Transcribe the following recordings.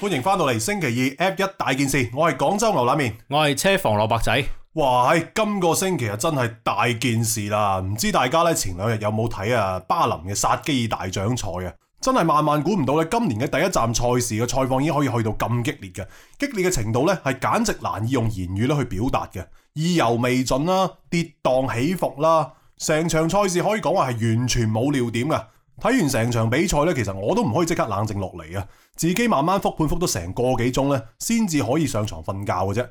歡迎翻到嚟星期二 F1 大件事，我係廣州牛腩麵，我係車房蘿蔔仔。哇，今個星期啊，真係大件事啦！唔知大家呢前兩日有冇睇啊？巴林嘅薩基爾大獎賽啊，真係萬萬估唔到咧！今年嘅第一站賽事嘅賽況已經可以去到咁激烈嘅，激烈嘅程度呢係簡直難以用言語咧去表達嘅，意猶未盡啦，跌宕起伏啦，成場賽事可以講話係完全冇尿點噶。睇完成場比賽呢，其實我都唔可以即刻冷靜落嚟啊！自己慢慢復判復到成個幾鐘呢，先至可以上床瞓覺嘅啫。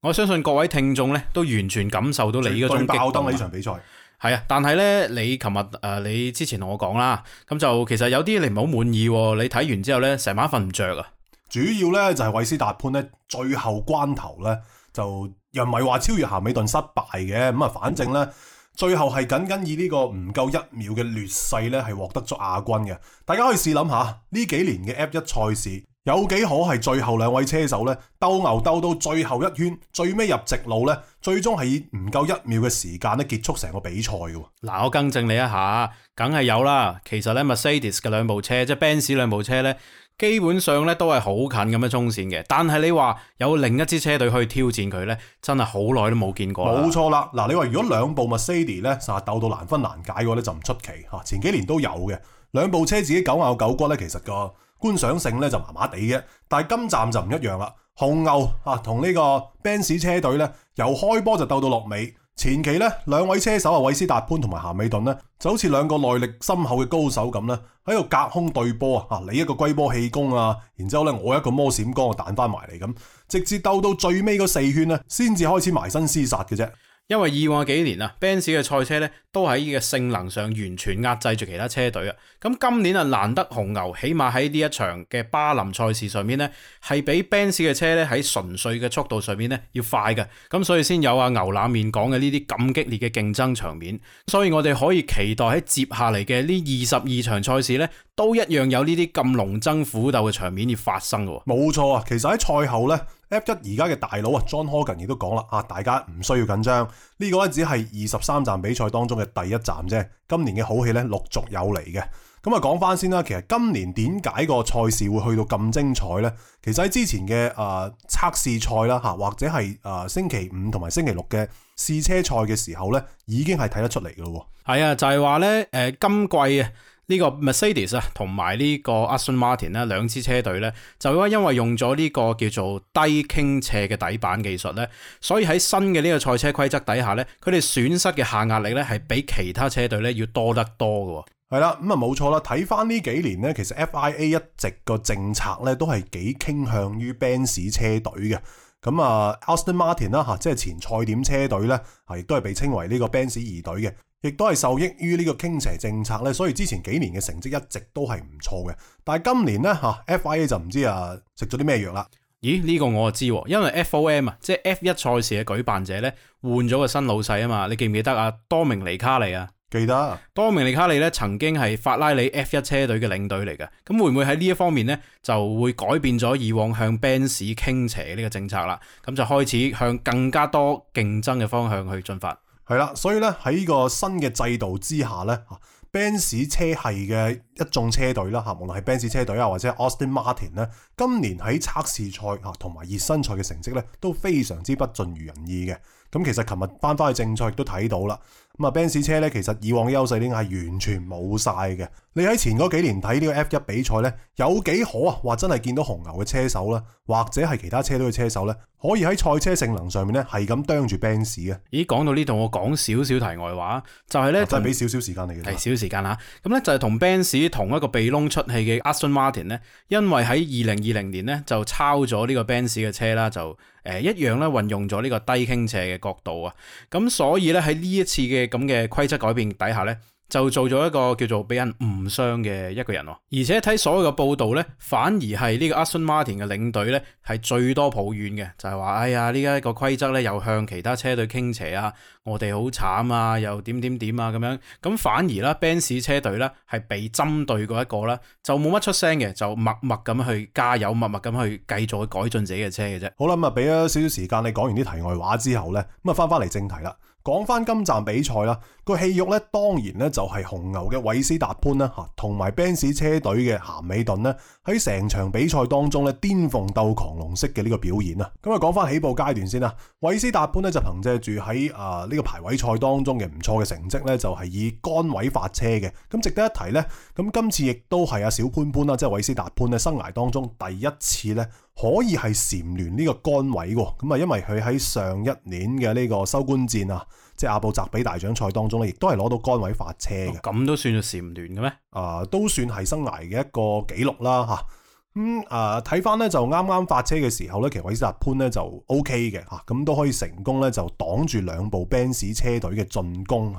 我相信各位聽眾呢，都完全感受到你嗰種激動啊！爆燈啊！呢場比賽係啊，但係呢，你琴日誒，你之前同我講啦，咁就其實有啲你唔好滿意喎。你睇完之後呢，成晚瞓唔着啊！主要呢，就係維斯達潘呢最後關頭呢，就又唔係話超越咸美頓失敗嘅咁啊，反正呢。最後係僅僅以呢個唔夠一秒嘅劣勢咧，係獲得咗亞軍嘅。大家可以試諗下呢幾年嘅 F 一賽事有幾可係最後兩位車手咧，鬥牛鬥到最後一圈，最尾入直路咧，最終係以唔夠一秒嘅時間咧結束成個比賽嘅。嗱，我更正你一下，梗係有啦。其實咧，Mercedes 嘅兩部車即係 Benz 兩部車咧。基本上咧都係好近咁樣衝線嘅，但係你話有另一支車隊去挑戰佢咧，真係好耐都冇見過啦。冇錯啦，嗱，你話如果兩部 Mercedes 咧，就係鬥到難分難解嘅話咧，就唔出奇嚇。前幾年都有嘅，兩部車自己狗咬狗骨咧，其實個觀賞性咧就麻麻地嘅，但係今站就唔一樣啦。紅牛啊，同呢個 Benz 車隊咧，由開波就鬥到落尾。前期咧，兩位車手啊，韋斯達潘同埋夏美頓咧，就好似兩個內力深厚嘅高手咁啦，喺度隔空對波啊！啊，你一個龜波氣功啊，然之後咧，我一個魔閃光啊，彈翻埋嚟咁，直至鬥到最尾嗰四圈咧，先至開始埋身廝殺嘅啫。因為以往幾年啊，Benz 嘅賽車咧都喺呢個性能上完全壓制住其他車隊啊。咁今年啊，難得紅牛起碼喺呢一場嘅巴林賽事上面咧，係比 Benz 嘅車咧喺純粹嘅速度上面咧要快嘅。咁所以先有啊牛腩面講嘅呢啲咁激烈嘅競爭場面。所以我哋可以期待喺接下嚟嘅呢二十二場賽事咧，都一樣有呢啲咁龍爭虎鬥嘅場面要發生嘅。冇錯啊，其實喺賽後咧。F1 而家嘅大佬啊，John Hogan 亦都講啦，啊大家唔需要緊張，呢、呢個只係二十三站比賽當中嘅第一站啫。今年嘅好戲咧陸續有嚟嘅。咁啊講翻先啦，其實今年點解個賽事會去到咁精彩咧？其實喺之前嘅誒測試賽啦吓，或者係誒、呃、星期五同埋星期六嘅試車賽嘅時候咧，已經係睇得出嚟噶咯。係啊，就係話咧，誒、呃、今季啊。呢個 Mercedes 啊，同埋呢個 Aston Martin 咧，兩支車隊咧，就因為用咗呢個叫做低傾斜嘅底板技術咧，所以喺新嘅呢個賽車規則底下咧，佢哋損失嘅下壓力咧，係比其他車隊咧要多得多嘅。係啦，咁啊冇錯啦，睇翻呢幾年咧，其實 FIA 一直個政策咧都係幾傾向於 Benz 車隊嘅。咁啊，Aston Martin 啦、啊、嚇，即係前賽點車隊咧，係都係被稱為呢個 Benz 二隊嘅。亦都係受益於呢個傾斜政策咧，所以之前幾年嘅成績一直都係唔錯嘅。但係今年呢嚇、啊、，FIA 就唔知啊食咗啲咩藥啦。咦？呢、呢個我就知，因為 FOM 啊，即係 F 一賽事嘅舉辦者呢，換咗個新老細啊嘛。你記唔記得啊？多明尼卡利啊，記得、啊。多明尼卡利呢曾經係法拉利 F 一車隊嘅領隊嚟嘅，咁會唔會喺呢一方面呢，就會改變咗以往向 Benz 傾斜呢個政策啦？咁就開始向更加多競爭嘅方向去進發。係啦，所以咧喺呢個新嘅制度之下咧，哈，Benz 車系嘅一眾車隊啦，哈，無論係 Benz 車隊啊，或者 Aston Martin 咧，今年喺測試賽啊同埋熱身賽嘅成績咧都非常之不盡如人意嘅。咁其實琴日翻翻去正賽亦都睇到啦，咁啊 Benz 車咧其實以往嘅優勢已經係完全冇晒嘅。你喺前嗰幾年睇呢個 F 一比賽咧，有幾好啊？話真係見到紅牛嘅車手啦，或者係其他車隊嘅車手咧，可以喺賽車性能上面咧係咁釘住 Benz 嘅。咦，講到呢度我講少少題外話，就係、是、咧，再俾少少時間嚟嘅，係少少時間嚇。咁咧就係同 Benz 同一個鼻窿出氣嘅 Aston Martin 咧，因為喺二零二零年咧就抄咗呢個 Benz 嘅車啦，就。誒，一樣咧運用咗呢個低傾斜嘅角度啊，咁所以咧喺呢一次嘅咁嘅規則改變底下咧，就做咗一個叫做俾人誤傷嘅一個人，而且睇所有嘅報道咧，反而係呢個 Aston Martin 嘅領隊咧係最多抱怨嘅，就係話哎呀，呢家個規則咧又向其他車隊傾斜啊。我哋好慘啊，又點點點啊咁樣，咁反而啦，Ben 士車隊咧係被針對嗰一個啦，就冇乜出聲嘅，就默默咁去加油，默默咁去繼續去改進自己嘅車嘅啫。好啦，咁啊俾咗少少時間你講完啲題外話之後咧，咁啊翻翻嚟正題啦，講翻今站比賽啦，個戲肉咧當然咧就係紅牛嘅韋斯達潘啦吓，同埋 Ben 士車隊嘅咸尾頓咧喺成場比賽當中咧癲鳳鬥狂龍式嘅呢個表演啊，咁啊講翻起步階段先啦，韋斯達潘咧就憑借住喺啊。呃呢個排位賽當中嘅唔錯嘅成績呢，就係以杆位發車嘅。咁值得一提呢，咁今次亦都係阿小潘潘啦，即係韋斯達潘咧，生涯當中第一次呢，可以係蟬聯呢個杆位喎。咁啊，因為佢喺上一年嘅呢個收官戰啊，即係阿布扎比大獎賽當中呢，亦都係攞到杆位發車嘅。咁都算係蟬聯嘅咩？啊，都算係生涯嘅一個紀錄啦，嚇。咁誒，睇翻，咧就啱啱發車嘅時候咧，其實韋斯達潘咧就 OK 嘅吓，咁、啊、都可以成功咧就擋住兩部 b 奔馳車隊嘅進攻吓。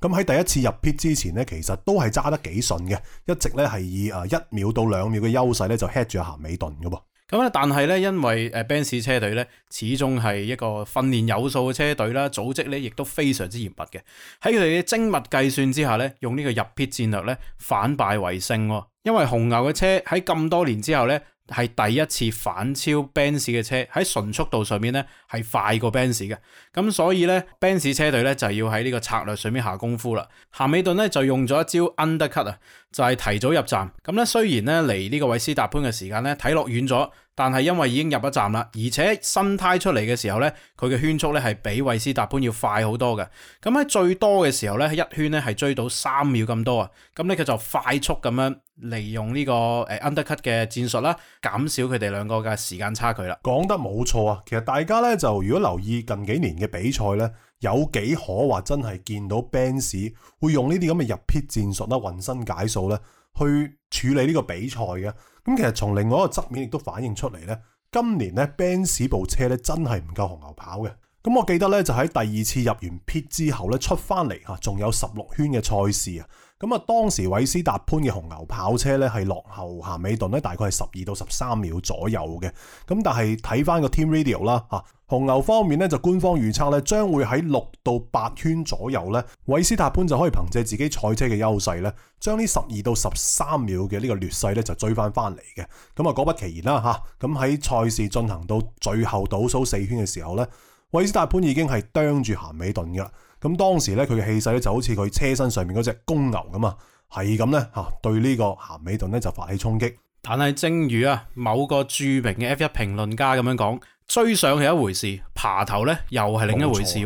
咁、啊、喺、啊、第一次入 p 之前咧，其實都係揸得幾順嘅，一直咧係以誒一秒到兩秒嘅優勢咧就 head 住阿咸美頓噶噃。啊咁咧，但係咧，因為誒 Benz 車隊咧，始終係一個訓練有素嘅車隊啦，組織咧亦都非常之嚴密嘅。喺佢哋嘅精密計算之下咧，用呢個入 pit 戰略咧，反敗為勝喎、哦。因為紅牛嘅車喺咁多年之後咧，係第一次反超 Benz 嘅車，喺純速度上面咧係快過 Benz 嘅。咁所以咧 Benz 車隊咧就要喺呢個策略上面下功夫啦。夏米頓咧就用咗一招 undercut 啊。就係提早入站，咁咧雖然咧離呢個韋斯達潘嘅時間咧睇落遠咗，但係因為已經入咗站啦，而且新胎出嚟嘅時候咧，佢嘅圈速咧係比韋斯達潘要快好多嘅。咁喺最多嘅時候咧，一圈咧係追到三秒咁多啊！咁咧佢就快速咁樣利用呢個誒 undercut 嘅戰術啦，減少佢哋兩個嘅時間差距啦。講得冇錯啊！其實大家咧就如果留意近幾年嘅比賽咧。有幾可話真係見到 Ben 史會用呢啲咁嘅入 pit 戰術啦，渾身解數咧，去處理呢個比賽嘅。咁其實從另外一個側面亦都反映出嚟咧，今年咧 Ben 史部車咧真係唔夠紅牛跑嘅。咁我記得咧就喺第二次入完 pit 之後咧出翻嚟嚇，仲有十六圈嘅賽事啊。咁啊，當時韋斯達潘嘅紅牛跑車咧係落後鹹美頓咧大概係十二到十三秒左右嘅。咁但係睇翻個 Team Radio 啦，嚇紅牛方面咧就官方預測咧將會喺六到八圈左右咧，韋斯達潘就可以憑藉自己賽車嘅優勢咧，將呢十二到十三秒嘅呢個劣勢咧就追翻翻嚟嘅。咁啊，果不其然啦，嚇咁喺賽事進行到最後倒數四圈嘅時候咧，韋斯達潘已經係啄住鹹美頓嘅啦。咁當時咧，佢嘅氣勢咧就好似佢車身上面嗰隻公牛咁啊，係咁咧嚇，對呢個鹹美頓咧就發起衝擊。但係正如啊某個著名嘅 F 一評論家咁樣講，追上係一回事，爬頭咧又係另一回事喎。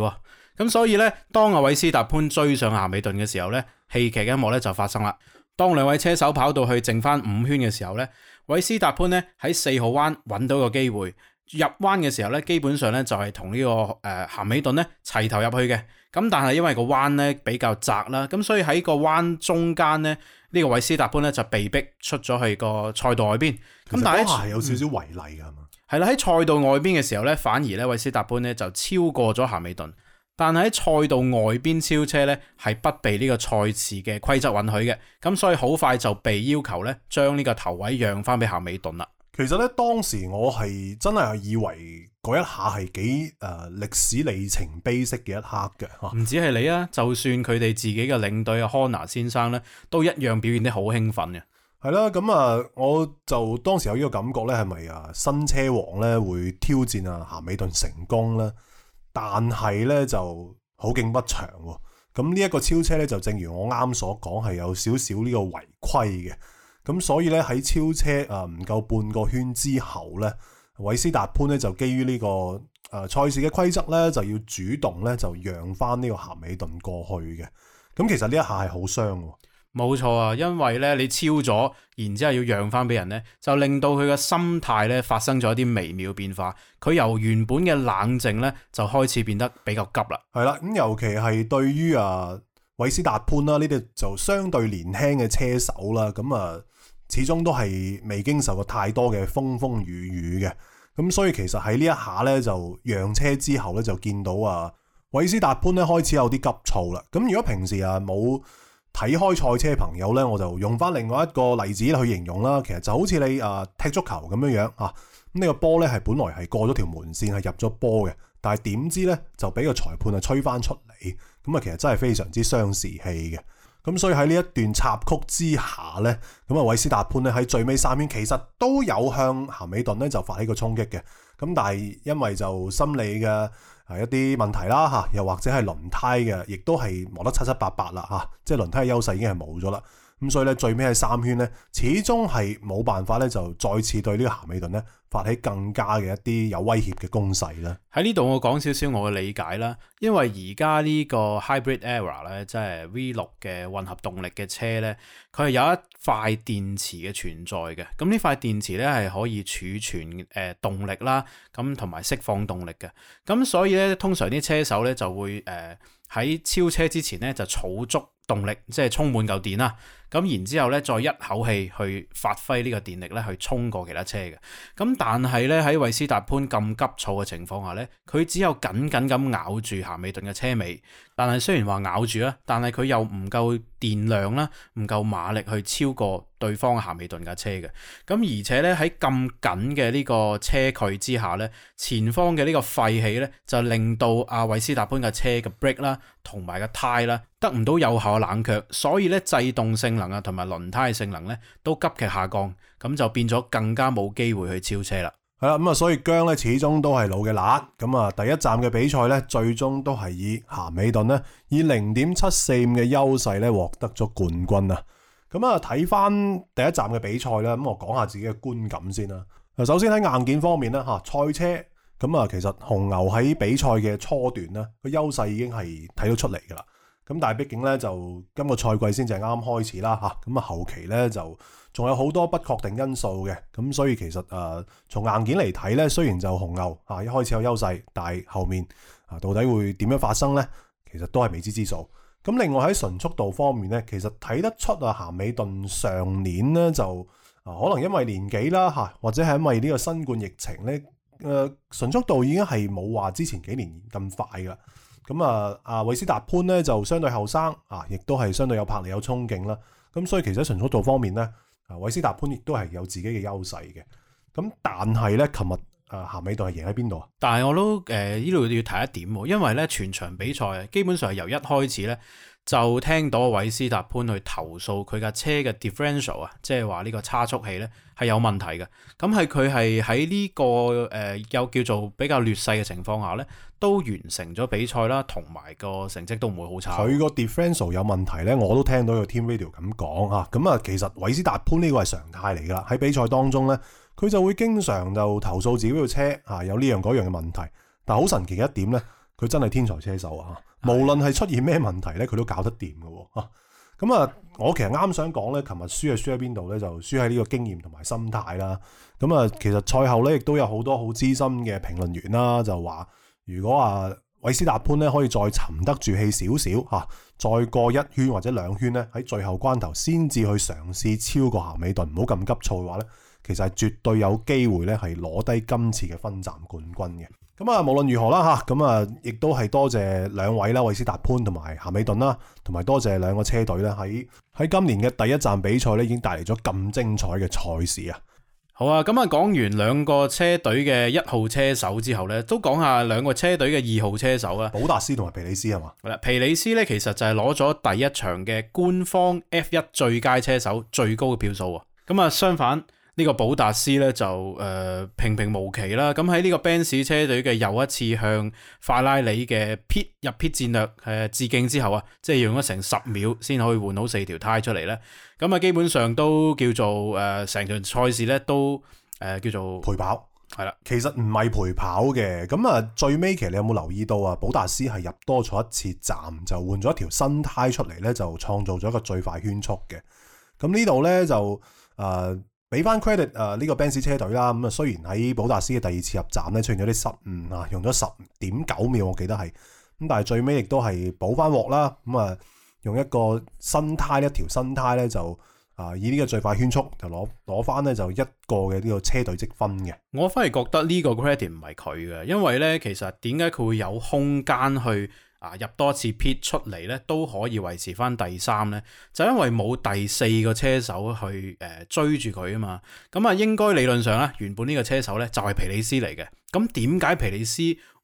咁冇錯。所以咧，當阿韋斯達潘追上鹹美頓嘅時候咧，戲劇嘅一幕咧就發生啦。當兩位車手跑到去剩翻五圈嘅時候咧，韋斯達潘咧喺四號彎揾到個機會。入彎嘅時候咧，基本上咧就係同、這個呃、呢個誒咸美頓咧齊頭入去嘅，咁但係因為個彎咧比較窄啦，咁所以喺個彎中間咧呢個韋斯達潘咧就被逼出咗去個賽道外邊，咁但係咧係有少少違例噶係嘛，係啦，喺賽道外邊嘅時候咧，反而咧韋斯達潘咧就超過咗咸美頓，但係喺賽道外邊超車咧係不被呢個賽事嘅規則允許嘅，咁所以好快就被要求咧將呢個頭位讓翻俾咸美頓啦。其實咧，當時我係真係以為嗰一下係幾誒歷史里程碑式嘅一刻嘅吓，唔止係你啊，就算佢哋自己嘅領隊啊，漢納先生咧，都一樣表現得好興奮嘅。係啦，咁啊，我就當時有呢個感覺咧，係咪啊，新車王咧會挑戰啊，咸美頓成功咧？但係咧就好景不長，咁呢一個超車咧，就正如我啱所講，係有少少呢個違規嘅。咁所以咧，喺超車啊唔、呃、夠半個圈之後咧，韋斯達潘咧就基於呢、呢個誒、呃、賽事嘅規則咧，就要主動咧就讓翻呢個鹹美頓過去嘅。咁、嗯、其實呢一下係好傷喎。冇錯啊，因為咧你超咗，然之後要讓翻俾人咧，就令到佢嘅心態咧發生咗一啲微妙變化。佢由原本嘅冷靜咧，就開始變得比較急啦。係啦，咁、嗯、尤其係對於啊韋斯達潘啦呢啲就相對年輕嘅車手啦，咁啊～、嗯啊始終都係未經受過太多嘅風風雨雨嘅，咁所以其實喺呢一下呢，就讓車之後呢，就見到啊，韋斯達潘呢開始有啲急躁啦。咁如果平時啊冇睇開賽車朋友呢，我就用翻另外一個例子去形容啦。其實就好似你啊踢足球咁樣樣啊，這個、呢個波呢係本來係過咗條門線係入咗波嘅，但係點知呢，就俾個裁判啊吹翻出嚟，咁啊其實真係非常之傷士氣嘅。咁所以喺呢一段插曲之下咧，咁啊，韋斯達潘咧喺最尾三圈其實都有向咸美頓咧就發起個衝擊嘅，咁但係因為就心理嘅係一啲問題啦嚇，又或者係輪胎嘅，亦都係磨得七七八八啦嚇，啊，即係輪胎嘅優勢已經係冇咗啦。咁所以咧，最尾係三圈咧，始終係冇辦法咧，就再次對呢個咸美頓咧發起更加嘅一啲有威脅嘅攻勢啦。喺呢度我講少少我嘅理解啦，因為而家呢個 Hybrid Era 咧，即係 V 六嘅混合動力嘅車咧，佢係有一塊電池嘅存在嘅。咁呢塊電池咧係可以儲存誒、呃、動力啦，咁同埋釋放動力嘅。咁所以咧，通常啲車手咧就會誒喺、呃、超車之前咧就儲足動力，即係充滿嚿電啦。咁然之後咧，再一口氣去發揮呢個電力咧，去衝過其他車嘅。咁但係咧，喺維斯塔潘咁急躁嘅情況下咧，佢只有緊緊咁咬住夏美頓嘅車尾。但係雖然話咬住啦，但係佢又唔夠電量啦，唔夠馬力去超過對方嘅夏美頓架車嘅。咁而且咧，喺咁緊嘅呢個車距之下咧，前方嘅呢個廢氣咧，就令到阿、啊、維斯塔潘嘅車嘅 brake 啦，同埋個胎啦，得唔到有效嘅冷卻，所以咧，制動性能啊，同埋輪胎嘅性能咧，都急劇下降，咁就變咗更加冇機會去超車啦。係啦，咁啊，所以薑咧始終都係老嘅辣。咁啊，第一站嘅比賽咧，最終都係以鹹美頓咧以零點七四五嘅優勢咧獲得咗冠軍啊。咁啊，睇翻第一站嘅比賽咧，咁我講下自己嘅觀感先啦。嗱，首先喺硬件方面咧，吓賽車咁啊，其實紅牛喺比賽嘅初段咧，個優勢已經係睇到出嚟噶啦。咁但係畢竟咧，就今個賽季先至啱啱開始啦嚇，咁啊，後期咧就仲有好多不確定因素嘅，咁所以其實誒、呃、從硬件嚟睇咧，雖然就紅牛嚇、啊、一開始有優勢，但係後面啊到底會點樣發生咧，其實都係未知之數。咁、啊、另外喺純速度方面咧，其實睇得出啊，鹹美頓上年咧就啊可能因為年紀啦嚇、啊，或者係因為呢個新冠疫情咧，誒、啊、純速度已經係冇話之前幾年咁快噶。咁啊啊，韋斯達潘咧就相對後生啊，亦都係相對有魄力、有憧憬啦。咁所以其實喺純速度方面咧，啊韋斯達潘亦都係有自己嘅優勢嘅。咁但係咧，琴日。誒，咸美頓係贏喺邊度啊？但係我都誒，呢、呃、度要提一點，因為咧全場比賽基本上係由一開始咧就聽到韋斯達潘去投訴佢架車嘅 differential 啊，即係話呢個差速器咧係有問題嘅。咁係佢係喺呢個誒又、呃、叫做比較劣勢嘅情況下咧，都完成咗比賽啦，同埋個成績都唔會好差。佢個 differential 有問題咧，我都聽到有 team radio 咁講啊。咁、嗯、啊，其實韋斯達潘呢個係常態嚟噶啦，喺比賽當中咧。佢就會經常就投訴自己部車嚇、啊、有呢樣嗰樣嘅問題，但好神奇一點咧，佢真係天才車手啊！無論係出現咩問題咧，佢都搞得掂嘅喎。咁啊、啊，我其實啱想講咧，琴日輸係輸喺邊度咧？就輸喺呢個經驗同埋心態啦。咁啊，其實賽後咧，亦都有好多好資深嘅評論員啦，就話如果啊，韋斯塔潘咧可以再沉得住氣少少嚇、啊，再過一圈或者兩圈咧，喺最後關頭先至去嘗試超過咸美頓，唔好咁急躁嘅話咧。其實係絕對有機會咧，係攞低今次嘅分站冠軍嘅。咁啊，無論如何啦吓，咁啊，亦都係多謝兩位啦，維斯達潘同埋夏美頓啦，同埋多謝兩個車隊咧，喺喺今年嘅第一站比賽咧，已經帶嚟咗咁精彩嘅賽事啊！好啊，咁、嗯、啊，講完兩個車隊嘅一號車手之後呢，都講下兩個車隊嘅二號車手啦。保達斯同埋皮里斯係嘛？係啦，皮里斯呢，其實就係攞咗第一場嘅官方 F 一最佳車手最高嘅票數喎。咁啊、嗯嗯，相反。呢個保達斯咧就誒、呃、平平無奇啦，咁喺呢個 Benz 車隊嘅又一次向法拉利嘅 Pit 入 Pit 戰略誒致、呃、敬之後啊，即係用咗成十秒先可以換到四條胎出嚟咧，咁啊，基本上都叫做誒成場賽事咧都誒、呃、叫做陪跑，係啦了，其實唔係陪跑嘅，咁啊最尾其實你有冇留意到啊？保達斯係入多咗一次站就換咗一條新胎出嚟咧，就創造咗一個最快圈速嘅，咁呢度咧就誒。呃俾翻 credit 誒、呃、呢、呢個奔馳車隊啦，咁、嗯、啊雖然喺保達斯嘅第二次入站咧出現咗啲失誤啊，用咗十點九秒我記得係，咁但係最尾亦都係補翻鑊啦，咁、嗯、啊用一個新胎一條新胎咧就啊、呃、以呢個最快圈速就攞攞翻咧就一個嘅呢個車隊積分嘅。我反而覺得呢個 credit 唔係佢嘅，因為咧其實點解佢會有空間去？入多次 pit 出嚟咧，都可以維持翻第三咧，就因為冇第四個車手去誒追住佢啊嘛。咁啊，應該理論上咧，原本呢個車手咧就係皮里斯嚟嘅。咁點解皮里斯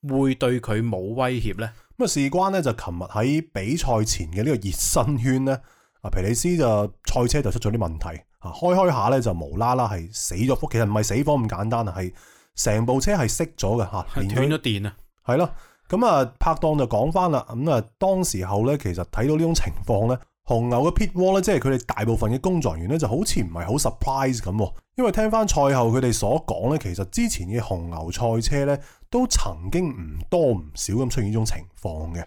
會對佢冇威脅咧？咁啊，事關咧就琴日喺比賽前嘅呢個熱身圈咧，啊皮里斯就賽車就出咗啲問題嚇，開開下咧就無啦啦係死咗火，其實唔係死火咁簡單啊，係成部車係熄咗嘅嚇，係斷咗電啊，係咯。咁啊、嗯，拍檔就講翻啦。咁、嗯、啊、嗯，當時候咧，其實睇到呢種情況咧，紅牛嘅 pit wall 咧，即係佢哋大部分嘅工作人員咧，就好似唔係好 surprise 咁。因為聽翻賽後佢哋所講咧，其實之前嘅紅牛賽車咧，都曾經唔多唔少咁出現呢種情況嘅。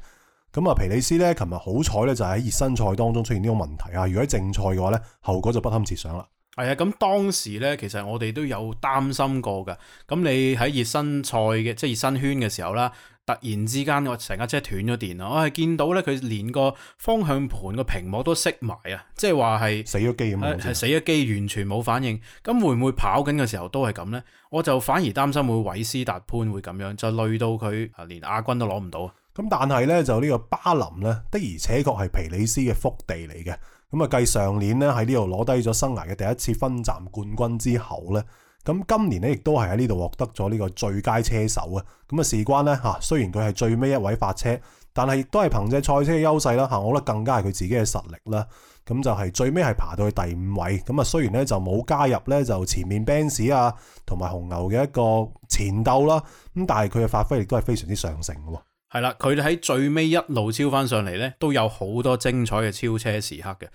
咁、嗯、啊，皮里斯咧，琴日好彩咧，就喺熱身賽當中出現呢種問題啊。如果喺正賽嘅話咧，後果就不堪設想啦。係啊，咁當時咧，其實我哋都有擔心過噶。咁你喺熱身賽嘅，即係熱身圈嘅時候啦。突然之間，我成架車斷咗電啦！我係見到咧，佢連個方向盤個屏幕都熄埋、就是、啊，即係話係死咗機咁啊！係死咗機，完全冇反應。咁會唔會跑緊嘅時候都係咁呢？我就反而擔心會韋斯達潘會咁樣，就累到佢啊，連亞軍都攞唔到。啊。咁但係咧，就呢個巴林咧，的而且確係皮里斯嘅福地嚟嘅。咁啊，繼上年咧喺呢度攞低咗生涯嘅第一次分站冠軍之後咧。咁今年咧，亦都係喺呢度獲得咗呢個最佳車手啊！咁啊，事關咧嚇，雖然佢係最尾一位發車，但係都係憑藉賽車嘅優勢啦嚇。我覺得更加係佢自己嘅實力啦。咁就係最尾係爬到去第五位。咁啊，雖然咧就冇加入咧就前面 b a n z 啊同埋紅牛嘅一個前鬥啦，咁但係佢嘅發揮亦都係非常之上乘嘅喎。係啦，佢哋喺最尾一路超翻上嚟咧，都有好多精彩嘅超車時刻嘅。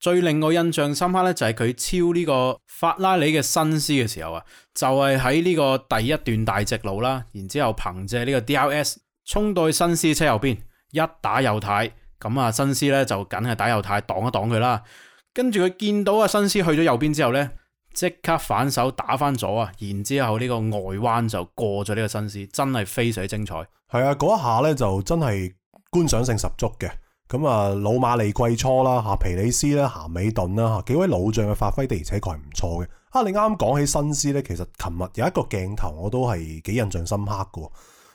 最令我印象深刻咧，就係、是、佢超呢個法拉利嘅新思嘅時候啊，就係喺呢個第一段大直路啦，然之後憑借呢個 DRS 衝到去新思車右邊，一打右軚，咁啊新思咧就梗係打右軚擋一擋佢啦，跟住佢見到阿新思去咗右邊之後咧，即刻反手打翻咗啊，然之後呢個外彎就過咗呢個新思，真係非常精彩。係啊，嗰一下咧就真係觀賞性十足嘅。咁啊，老馬利季初啦，哈皮里斯啦，咸美頓啦，哈幾位老將嘅發揮地，而且確係唔錯嘅。啊，你啱啱講起新師咧，其實琴日有一個鏡頭我都係幾印象深刻嘅。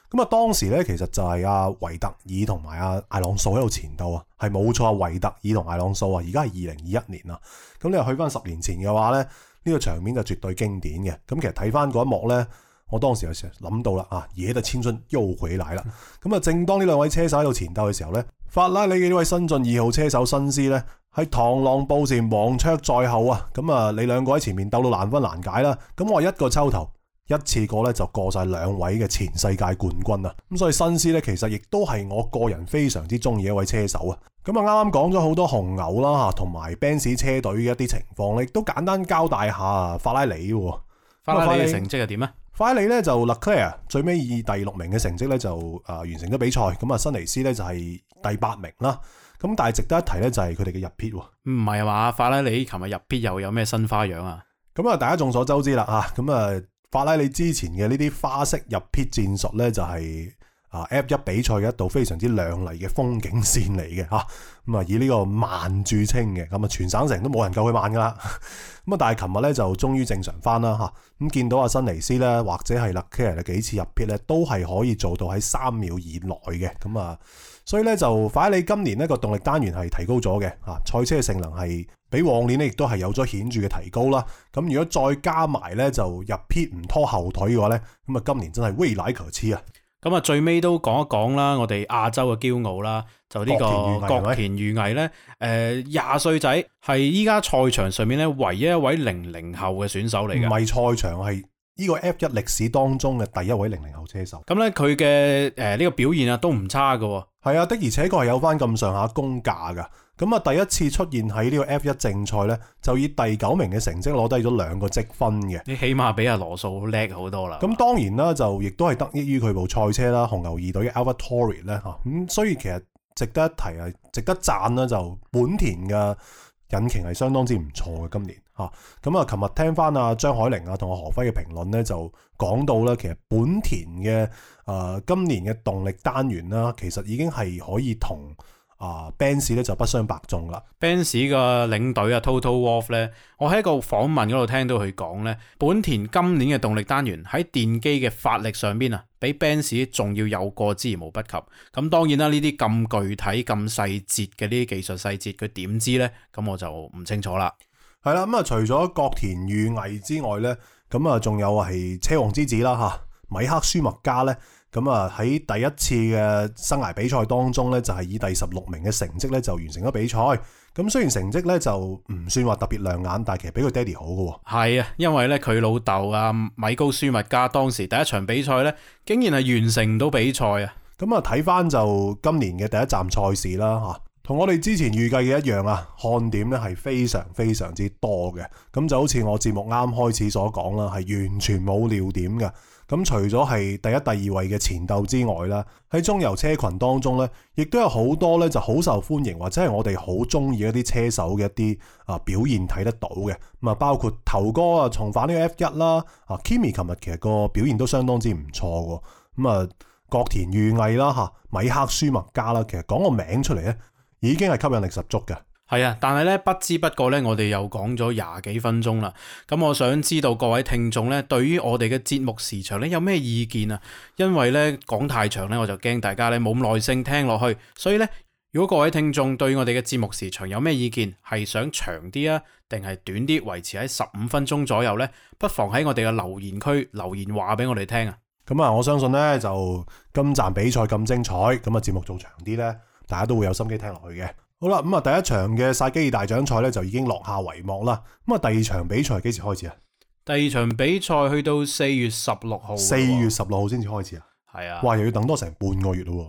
咁啊，當時咧其實就係阿維特爾同埋阿艾朗素喺度前度啊，係冇錯。啊，維特爾同艾朗素啊，而家係二零二一年啦。咁你又去翻十年前嘅話咧，呢個場面就絕對經典嘅。咁其實睇翻嗰一幕咧。我當時有時諗到啦，啊，嘢，就簽出腰腿奶啦。咁啊，嗯、正當呢兩位車手喺度前鬥嘅時候呢，法拉利嘅呢位新進二號車手新思呢，係螳螂捕蟬，黃雀在後啊。咁啊，你兩個喺前面鬥到難分難解啦。咁我一個抽頭一次過呢，就過晒兩位嘅前世界冠軍啊。咁所以新思呢，其實亦都係我個人非常之中意一位車手啊。咁啊，啱啱講咗好多紅牛啦，同埋 Benz 車隊嘅一啲情況，亦都簡單交代下法拉利，法拉利嘅成績又點啊？法拉利咧就 Leclerc，最尾以第六名嘅成績咧就啊、呃、完成咗比賽，咁、嗯、啊新尼斯咧就係、是、第八名啦。咁但係值得一提咧就係佢哋嘅入 pit，唔係嘛？法拉利琴日入 pit 又有咩新花樣啊？咁啊、嗯、大家眾所周知啦吓，咁啊、嗯、法拉利之前嘅呢啲花式入 pit 戰術咧就係、是。啊 F1 比賽嘅一道非常之亮麗嘅風景線嚟嘅嚇，咁啊以呢個慢著稱嘅，咁啊全省城都冇人夠佢慢噶啦，咁啊但係琴日咧就終於正常翻啦嚇，咁、啊、見到阿新尼斯咧或者係勒克人咧幾次入 pit 咧都係可以做到喺三秒以內嘅，咁啊所以咧就反喺你今年呢個動力單元係提高咗嘅嚇，賽車嘅性能係比往年咧亦都係有咗顯著嘅提高啦，咁、啊、如果再加埋咧就入 pit 唔拖後腿嘅話咧，咁啊今年真係威奶求痴啊！咁啊，最尾都講一講啦，我哋亞洲嘅驕傲啦，就呢、呢個角田裕毅咧。誒，廿歲仔係依家賽場上面咧，唯一一位零零後嘅選手嚟嘅。唔係賽場，係呢個 F 一歷史當中嘅第一位零零後車手。咁咧，佢嘅誒呢個表現啊，都唔差嘅。係啊，的而且確係有翻咁上下功架噶。咁啊，第一次出現喺呢個 F 一正賽呢，就以第九名嘅成績攞低咗兩個積分嘅。你起碼比阿羅素叻好多啦。咁當然啦，就亦都係得益於佢部賽車啦，紅牛二隊嘅 AlphaTauri 咧、啊、嚇。咁、嗯、所以其實值得一提啊，值得讚啦，就本田嘅引擎係相當之唔錯嘅今年嚇。咁啊，琴、嗯、日聽翻阿張海玲啊同阿何輝嘅評論呢，就講到咧，其實本田嘅誒、呃、今年嘅動力單元啦，其實已經係可以同。啊、uh、Benz 咧就不相伯仲啦。Benz 個領隊啊，Toto Wolff 咧，我喺一個訪問嗰度聽到佢講咧，本田今年嘅動力單元喺電機嘅發力上邊啊，比 Benz 仲要有過之而無不及。咁當然啦，呢啲咁具體咁細節嘅呢啲技術細節，佢點知咧？咁我就唔清楚啦。係啦，咁啊，除咗角田裕毅之外咧，咁啊，仲有係車王之子啦吓、啊，米克舒麥加咧。咁啊喺第一次嘅生涯比賽當中咧，就係、是、以第十六名嘅成績咧就完成咗比賽。咁、嗯、雖然成績咧就唔算話特別亮眼，但係其實比個爹哋好㗎喎。係啊，因為咧佢老豆啊米高舒密加當時第一場比賽咧，竟然係完成唔到比賽啊！咁啊睇翻就今年嘅第一站賽事啦嚇，同、啊、我哋之前預計嘅一樣啊，看點咧係非常非常之多嘅。咁就好似我節目啱開始所講啦，係完全冇尿點嘅。咁除咗係第一、第二位嘅前鬥之外啦，喺中游車群當中咧，亦都有好多咧就好受歡迎或者係我哋好中意嗰啲車手嘅一啲啊表現睇得到嘅。咁啊，包括頭哥啊重返呢個 F 一啦，啊 Kimi 琴日其實個表現都相當之唔錯喎，咁啊角田裕毅啦嚇，米克舒麥加啦，其實講個名出嚟咧已經係吸引力十足嘅。係啊，但係咧，不知不覺咧，我哋又講咗廿幾分鐘啦。咁我想知道各位聽眾咧，對於我哋嘅節目時長咧，有咩意見啊？因為咧講太長咧，我就驚大家咧冇耐性聽落去。所以咧，如果各位聽眾對我哋嘅節目時長有咩意見，係想長啲啊，定係短啲，維持喺十五分鐘左右咧，不妨喺我哋嘅留言區留言話俾我哋聽啊。咁啊，我相信咧就今站比賽咁精彩，咁啊節目做長啲咧，大家都會有心機聽落去嘅。好啦，咁、嗯、啊，第一場嘅薩基爾大獎賽咧就已經落下帷幕啦。咁、嗯、啊，第二場比賽係幾時開始啊？第二場比賽去到四月十六號，四月十六號先至開始啊。係啊，哇，又要等多成半個月咯、哦。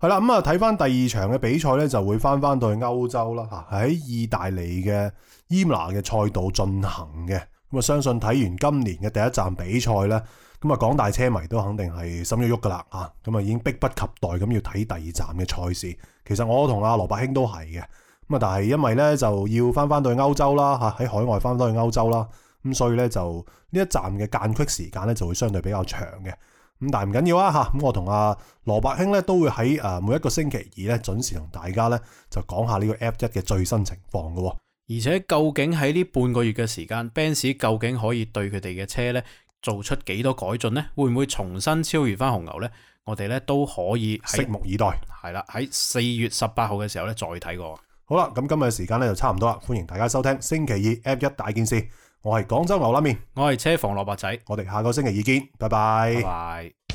係、嗯、啦，咁、嗯、啊，睇翻第二場嘅比賽咧，就會翻翻到去歐洲啦。吓、啊，喺意大利嘅伊拿嘅賽道進行嘅。咁、嗯、啊，相信睇完今年嘅第一站比賽咧。咁啊，廣大車迷都肯定係心喐喐噶啦，嚇、啊！咁、嗯、啊，已經迫不及待咁要睇第二站嘅賽事。其實我同阿羅伯興都係嘅，咁啊，但係因為咧就要翻翻到去歐洲啦，嚇喺海外翻翻去歐洲啦，咁所以咧就呢一站嘅間隙時間咧就會相對比較長嘅。咁但係唔緊要啊，嚇、啊！咁、啊、我同阿、啊、羅伯興咧都會喺誒、啊、每一個星期二咧準時同大家咧就講下呢個 F1 嘅最新情況嘅、哦，而且究竟喺呢半個月嘅時間，Benz 究竟可以對佢哋嘅車咧？做出幾多改進呢？會唔會重新超越翻紅牛呢？我哋咧都可以拭目以待。係啦，喺四月十八號嘅時候咧再睇過。好啦，咁今日嘅時間咧就差唔多啦。歡迎大家收聽星期二 F1 大件事。我係廣州牛拉拉麵，我係車房蘿蔔仔。我哋下個星期二見，拜拜。拜拜。拜拜。